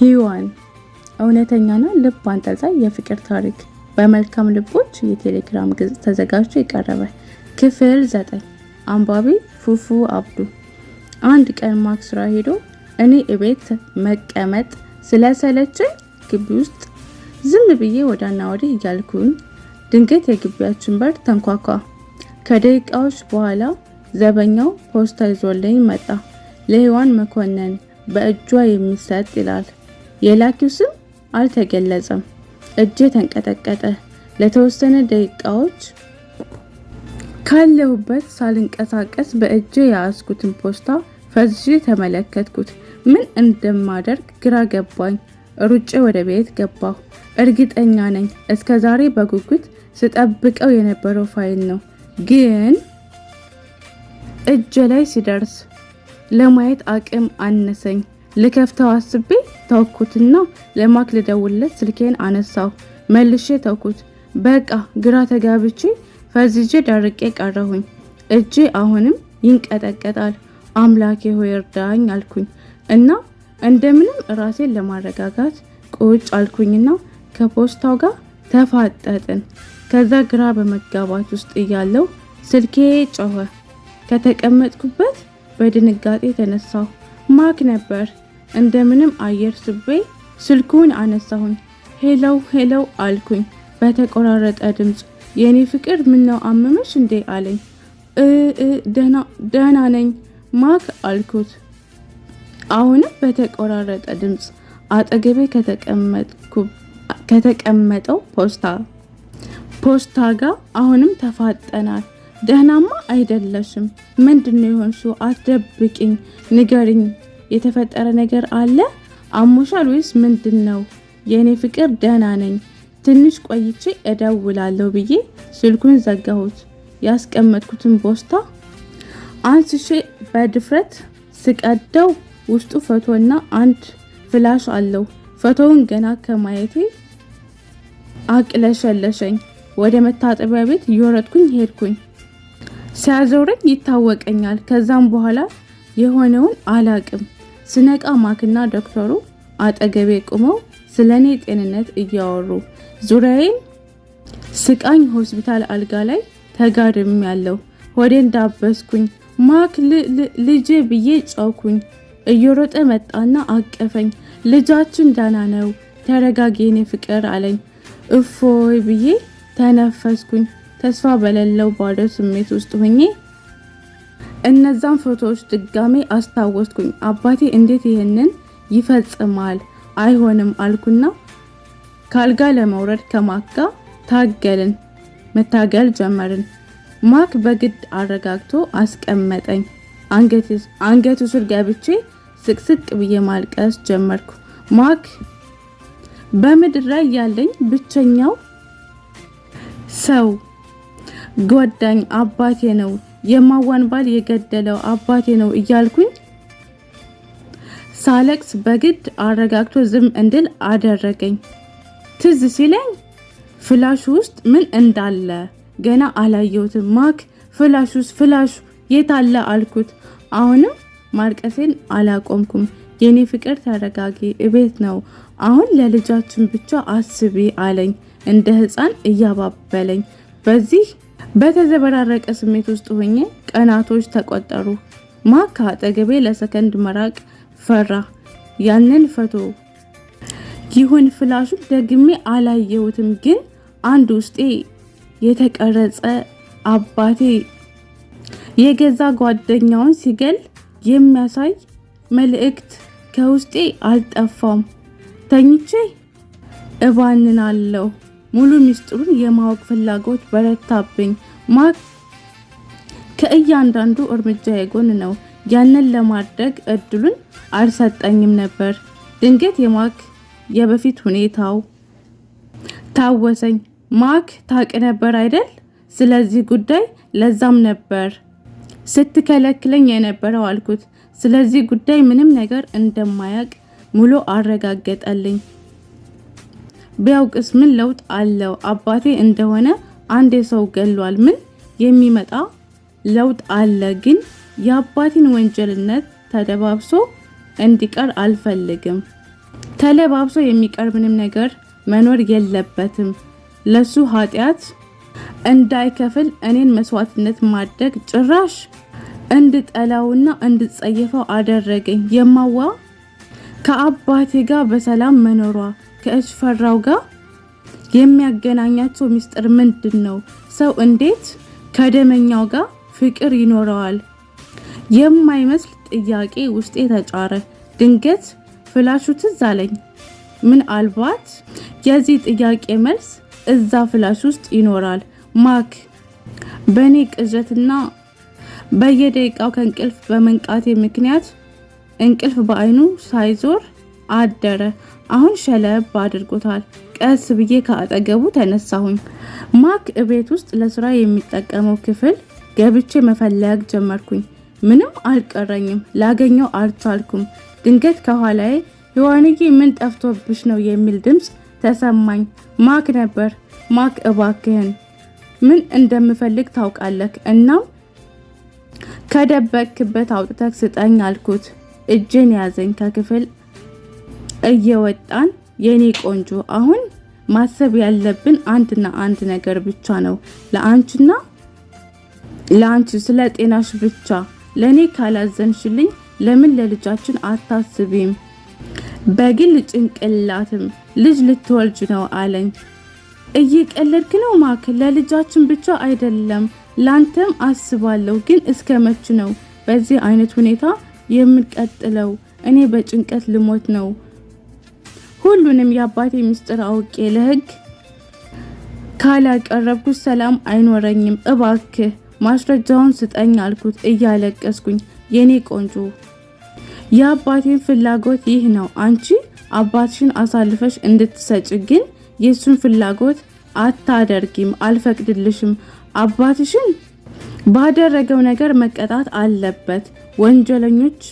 ሔዋን እውነተኛና ልብ አንጠልጣይ የፍቅር ታሪክ በመልካም ልቦች የቴሌግራም ገጽ ተዘጋጅቶ የቀረበ ክፍል ዘጠኝ አንባቢ ፉፉ አብዱ። አንድ ቀን ማክ ስራ ሄዶ እኔ እቤት መቀመጥ ስለሰለችኝ ግቢ ውስጥ ዝም ብዬ ወዳና ወዲህ እያልኩኝ ድንገት የግቢያችን በር ተንኳኳ። ከደቂቃዎች በኋላ ዘበኛው ፖስታ ይዞልኝ መጣ። ለሔዋን መኮንን በእጇ የሚሰጥ ይላል። የላኪው ስም አልተገለጸም። እጄ ተንቀጠቀጠ። ለተወሰነ ደቂቃዎች ካለሁበት ሳልንቀሳቀስ በእጄ የያዝኩትን ፖስታ ፈዝዤ ተመለከትኩት። ምን እንደማደርግ ግራ ገባኝ። ሩጬ ወደ ቤት ገባሁ። እርግጠኛ ነኝ እስከ ዛሬ በጉጉት ስጠብቀው የነበረው ፋይል ነው። ግን እጄ ላይ ሲደርስ ለማየት አቅም አነሰኝ። ልከፍተው አስቤ ተውኩትና ለማክ ልደውልለት ስልኬን አነሳው መልሼ ተውኩት። በቃ ግራ ተጋብቼ ፈዝጄ ዳርቄ ቀረሁኝ። እጄ አሁንም ይንቀጠቀጣል። አምላኬ ሆይ እርዳኝ አልኩኝ እና እንደምንም ራሴን ለማረጋጋት ቁጭ አልኩኝና ከፖስታው ጋር ተፋጠጥን። ከዛ ግራ በመጋባት ውስጥ እያለው ስልኬ ጮኸ። ከተቀመጥኩበት በድንጋጤ ተነሳሁ። ማክ ነበር። እንደምንም አየር ስቤ ስልኩን አነሳሁኝ። ሄለው ሄለው አልኩኝ በተቆራረጠ ድምፅ። የእኔ ፍቅር ምነው አመመሽ እንዴ አለኝ። ደህና ነኝ ማክ አልኩት አሁንም በተቆራረጠ ድምፅ አጠገቤ ከተቀመጠው ፖስታ ፖስታ ጋር አሁንም ተፋጠናል። ደህናማ አይደለሽም። ምንድን ነው የሆንሽው? አትደብቅኝ፣ ንገርኝ የተፈጠረ ነገር አለ? አሞሻል ወይስ ምንድን ነው? የእኔ ፍቅር ደህና ነኝ፣ ትንሽ ቆይቼ እደውላለሁ ብዬ ስልኩን ዘጋሁት። ያስቀመጥኩትን ቦስታ አንስሼ በድፍረት ስቀደው ውስጡ ፎቶና አንድ ፍላሽ አለው። ፎቶውን ገና ከማየቴ አቅለሸለሸኝ። ወደ መታጠቢያ ቤት እየወረድኩኝ ሄድኩኝ። ሲያዞረኝ ይታወቀኛል። ከዛም በኋላ የሆነውን አላቅም። ስነቃ ማክና ዶክተሩ አጠገቤ ቁመው ስለ እኔ ጤንነት እያወሩ ዙሪያዬን ስቃኝ ሆስፒታል አልጋ ላይ ተጋድም ያለው ወዴን ዳበስኩኝ። ማክ ልጄ ብዬ ጫውኩኝ። እየሮጠ መጣና አቀፈኝ። ልጃችን ደህና ነው፣ ተረጋጊ የኔ ፍቅር አለኝ። እፎይ ብዬ ተነፈስኩኝ። ተስፋ በሌለው ባዶ ስሜት ውስጥ ሆኜ እነዛን ፎቶዎች ድጋሜ አስታወስኩኝ። አባቴ እንዴት ይህንን ይፈጽማል? አይሆንም አልኩና ካልጋ ለመውረድ ከማካ ታገልን መታገል ጀመርን። ማክ በግድ አረጋግቶ አስቀመጠኝ። አንገቱ ስር ገብቼ ስቅስቅ ብዬ ማልቀስ ጀመርኩ። ማክ በምድር ላይ ያለኝ ብቸኛው ሰው ጎዳኝ አባቴ ነው። የማዋን ባል የገደለው አባቴ ነው እያልኩኝ ሳለቅስ በግድ አረጋግቶ ዝም እንድል አደረገኝ። ትዝ ሲለኝ ፍላሹ ውስጥ ምን እንዳለ ገና አላየሁትም። ማክ ፍላሹስ ፍላሹ አለ አልኩት። አሁንም ማልቀሴን አላቆምኩም። የኔ ፍቅር ተረጋጊ፣ እቤት ነው አሁን ለልጃችን ብቻ አስቢ አለኝ፣ እንደ ህፃን እያባበለኝ በዚህ በተዘበራረቀ ስሜት ውስጥ ሆኜ ቀናቶች ተቆጠሩ። ማካ አጠገቤ ለሰከንድ መራቅ ፈራ። ያንን ፈቶ ይሁን ፍላሹ ደግሜ አላየሁትም፣ ግን አንድ ውስጤ የተቀረጸ አባቴ የገዛ ጓደኛውን ሲገል የሚያሳይ መልእክት ከውስጤ አልጠፋም። ተኝቼ እባንናለሁ። ሙሉ ምስጢሩን የማወቅ ፍላጎት በረታብኝ። ማክ ከእያንዳንዱ እርምጃ የጎን ነው። ያንን ለማድረግ እድሉን አልሰጠኝም ነበር። ድንገት የማክ የበፊት ሁኔታው ታወሰኝ። ማክ ታቅ ነበር አይደል? ስለዚህ ጉዳይ ለዛም ነበር ስትከለክለኝ የነበረው አልኩት። ስለዚህ ጉዳይ ምንም ነገር እንደማያውቅ ሙሉ አረጋገጠልኝ። ቢያውቅስ ምን ለውጥ አለው? አባቴ እንደሆነ አንድ ሰው ገሏል። ምን የሚመጣ ለውጥ አለ? ግን የአባቴን ወንጀልነት ተደባብሶ እንዲቀር አልፈልግም። ተለባብሶ የሚቀር ምንም ነገር መኖር የለበትም። ለሱ ኃጢአት እንዳይከፍል እኔን መስዋዕትነት ማድረግ ጭራሽ እንድጠላውና እንድጸየፈው አደረገኝ። የማዋ ከአባቴ ጋር በሰላም መኖሯ ከእሽፈራው ጋር የሚያገናኛቸው ሚስጥር ምንድን ነው? ሰው እንዴት ከደመኛው ጋር ፍቅር ይኖረዋል? የማይመስል ጥያቄ ውስጤ ተጫረ። ድንገት ፍላሹ ትዝ አለኝ። ምናልባት የዚህ ጥያቄ መልስ እዛ ፍላሽ ውስጥ ይኖራል። ማክ በእኔ ቅዠትና በየደቂቃው ከእንቅልፍ በመንቃቴ ምክንያት እንቅልፍ በአይኑ ሳይዞር አደረ። አሁን ሸለብ አድርጎታል። ቀስ ብዬ ከአጠገቡ ተነሳሁኝ። ማክ እቤት ውስጥ ለስራ የሚጠቀመው ክፍል ገብቼ መፈለግ ጀመርኩኝ። ምንም አልቀረኝም፣ ላገኘው አልቻልኩም። ድንገት ከኋላዬ ሔዋንዬ ምን ጠፍቶብሽ ነው የሚል ድምፅ ተሰማኝ። ማክ ነበር። ማክ እባክህን ምን እንደምፈልግ ታውቃለህ፣ እናም ከደበቅክበት አውጥተህ ስጠኝ አልኩት። እጄን ያዘኝ ከክፍል እየወጣን የኔ ቆንጆ አሁን ማሰብ ያለብን አንድና አንድ ነገር ብቻ ነው። ለአንቺና ለአንቺ ስለ ጤናሽ ብቻ ለእኔ ካላዘንሽልኝ ለምን ለልጃችን አታስቢም? በግል ጭንቅላትም ልጅ ልትወልጅ ነው አለኝ። እየቀለድክ ነው ማክ፣ ለልጃችን ብቻ አይደለም ላንተም አስባለሁ። ግን እስከ መች ነው በዚህ አይነት ሁኔታ የምንቀጥለው? እኔ በጭንቀት ልሞት ነው። ሁሉንም የአባቴ ምስጢር አውቄ ለህግ ካላቀረብኩት ሰላም አይኖረኝም፣ እባክህ ማስረጃውን ስጠኝ አልኩት እያለቀስኩኝ። የኔ ቆንጆ የአባቴን ፍላጎት ይህ ነው። አንቺ አባትሽን አሳልፈሽ እንድትሰጭ ግን የእሱን ፍላጎት አታደርጊም፣ አልፈቅድልሽም። አባትሽን ባደረገው ነገር መቀጣት አለበት። ወንጀለኞች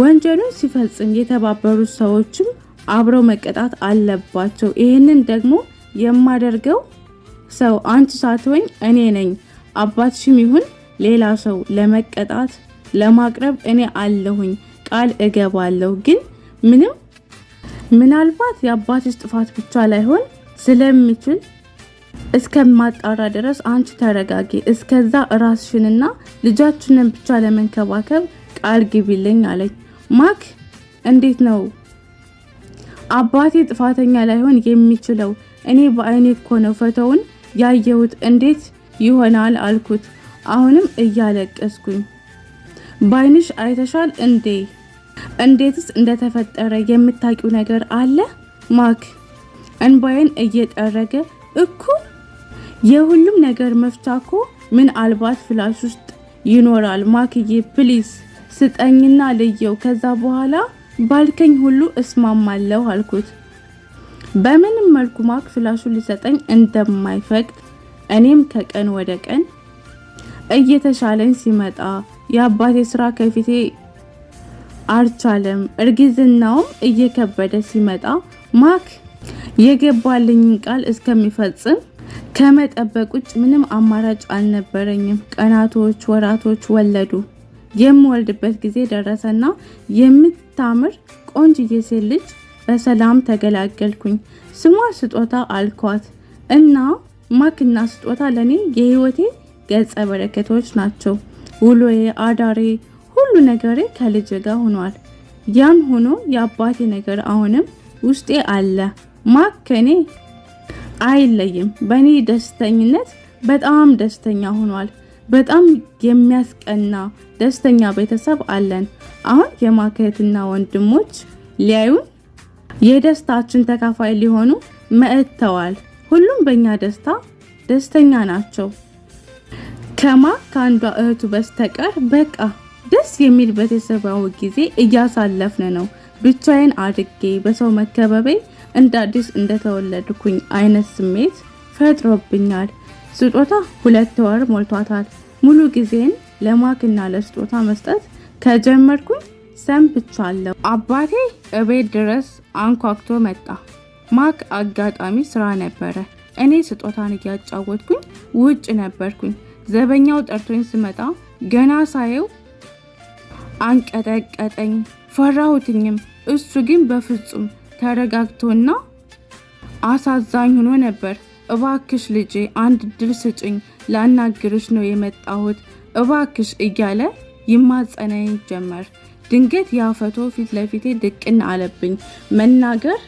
ወንጀሉን ሲፈጽም የተባበሩት ሰዎችም አብረው መቀጣት አለባቸው። ይህንን ደግሞ የማደርገው ሰው አንቺ ሳትሆኝ እኔ ነኝ። አባትሽም ይሁን ሌላ ሰው ለመቀጣት ለማቅረብ እኔ አለሁኝ፣ ቃል እገባለሁ። ግን ምንም ምናልባት የአባትሽ ጥፋት ብቻ ላይሆን ስለሚችል እስከማጣራ ድረስ አንቺ ተረጋጊ። እስከዛ ራስሽንና ልጃችንን ብቻ ለመንከባከብ ቃል ግቢልኝ አለኝ። ማክ እንዴት ነው አባቴ ጥፋተኛ ላይሆን የሚችለው እኔ በአይኔ እኮ ነው ፈተውን ያየሁት፣ እንዴት ይሆናል አልኩት። አሁንም እያለቀስኩኝ ባይንሽ አይተሻል እንዴ? እንዴትስ እንደተፈጠረ የምታውቂው ነገር አለ? ማክ እንባዬን እየጠረገ እኮ የሁሉም ነገር መፍቻ እኮ ምናልባት ፍላሽ ውስጥ ይኖራል። ማክዬ ፕሊዝ ስጠኝና ልየው ከዛ በኋላ ባልከኝ ሁሉ እስማማለሁ አልኩት። በምንም መልኩ ማክ ፍላሹን ሊሰጠኝ እንደማይፈቅድ እኔም ከቀን ወደ ቀን እየተሻለኝ ሲመጣ የአባቴ ስራ ከፊቴ አልቻለም፣ እርግዝናውም እየከበደ ሲመጣ ማክ የገባልኝን ቃል እስከሚፈጽም ከመጠበቅ ውጭ ምንም አማራጭ አልነበረኝም። ቀናቶች፣ ወራቶች ወለዱ። የምወልድበት ጊዜ ደረሰና የምት የምታምር ቆንጅዬ ሴት ልጅ በሰላም ተገላገልኩኝ። ስሟ ስጦታ አልኳት እና ማክና ስጦታ ለእኔ የህይወቴ ገጸ በረከቶች ናቸው። ውሎዬ፣ አዳሬ፣ ሁሉ ነገሬ ከልጅ ጋር ሆኗል። ያም ሆኖ የአባቴ ነገር አሁንም ውስጤ አለ። ማክ ከኔ አይለይም። በእኔ ደስተኝነት በጣም ደስተኛ ሆኗል። በጣም የሚያስቀና ደስተኛ ቤተሰብ አለን። አሁን የማካየትና ወንድሞች ሊያዩን የደስታችን ተካፋይ ሊሆኑ መጥተዋል። ሁሉም በእኛ ደስታ ደስተኛ ናቸው። ከማ ከአንዷ እህቱ በስተቀር በቃ ደስ የሚል ቤተሰባዊ ጊዜ እያሳለፍን ነው። ብቻዬን አድጌ በሰው መከበቤ እንደ አዲስ እንደተወለድኩኝ አይነት ስሜት ፈጥሮብኛል። ስጦታ ሁለት ወር ሞልቷታል። ሙሉ ጊዜን ለማክና ለስጦታ መስጠት ከጀመርኩኝ ሰንብቻለሁ። አባቴ እቤት ድረስ አንኳክቶ መጣ። ማክ አጋጣሚ ስራ ነበረ። እኔ ስጦታን እያጫወትኩኝ ውጭ ነበርኩኝ። ዘበኛው ጠርቶኝ ስመጣ ገና ሳየው አንቀጠቀጠኝ፣ ፈራሁትኝም። እሱ ግን በፍጹም ተረጋግቶና አሳዛኝ ሆኖ ነበር። እባክሽ ልጄ አንድ ድርስጭኝ ስጭኝ፣ ላናግርሽ ነው የመጣሁት እባክሽ እያለ ይማጸነኝ ጀመር። ድንገት ያፈቶ ፊት ለፊቴ ድቅን አለብኝ። መናገር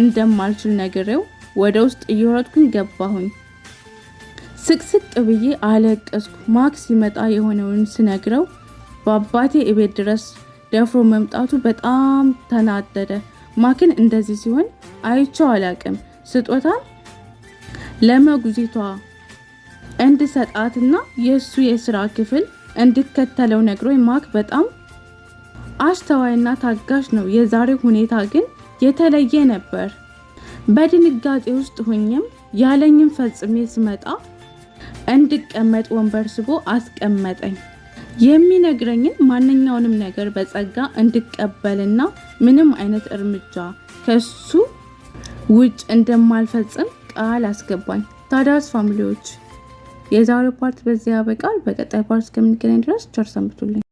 እንደማልችል ነግሬው ወደ ውስጥ እየወረድኩኝ ገባሁኝ። ስቅስቅ ብዬ አለቀስኩ። ማክስ ሲመጣ የሆነውን ስነግረው በአባቴ እቤት ድረስ ደፍሮ መምጣቱ በጣም ተናደደ። ማክን እንደዚህ ሲሆን አይቼው አላቅም። ስጦታ! ለመጉዜቷ እንድሰጣትና የእሱ የስራ ክፍል እንድከተለው ነግሮኝ ማክ በጣም አስተዋይና ታጋሽ ነው። የዛሬው ሁኔታ ግን የተለየ ነበር። በድንጋጤ ውስጥ ሆኜም ያለኝም ፈጽሜ ስመጣ እንድቀመጥ ወንበር ስቦ አስቀመጠኝ። የሚነግረኝን ማንኛውንም ነገር በጸጋ እንድቀበልና ምንም አይነት እርምጃ ከሱ ውጭ እንደማልፈጽም ቃል አስገባኝ። ታዲያስ ፋሚሊዎች የዛሬው ፓርት በዚያ ያበቃል። በቀጣይ ፓርት እስከምንገናኝ ድረስ ቸር ሰንብቱልኝ።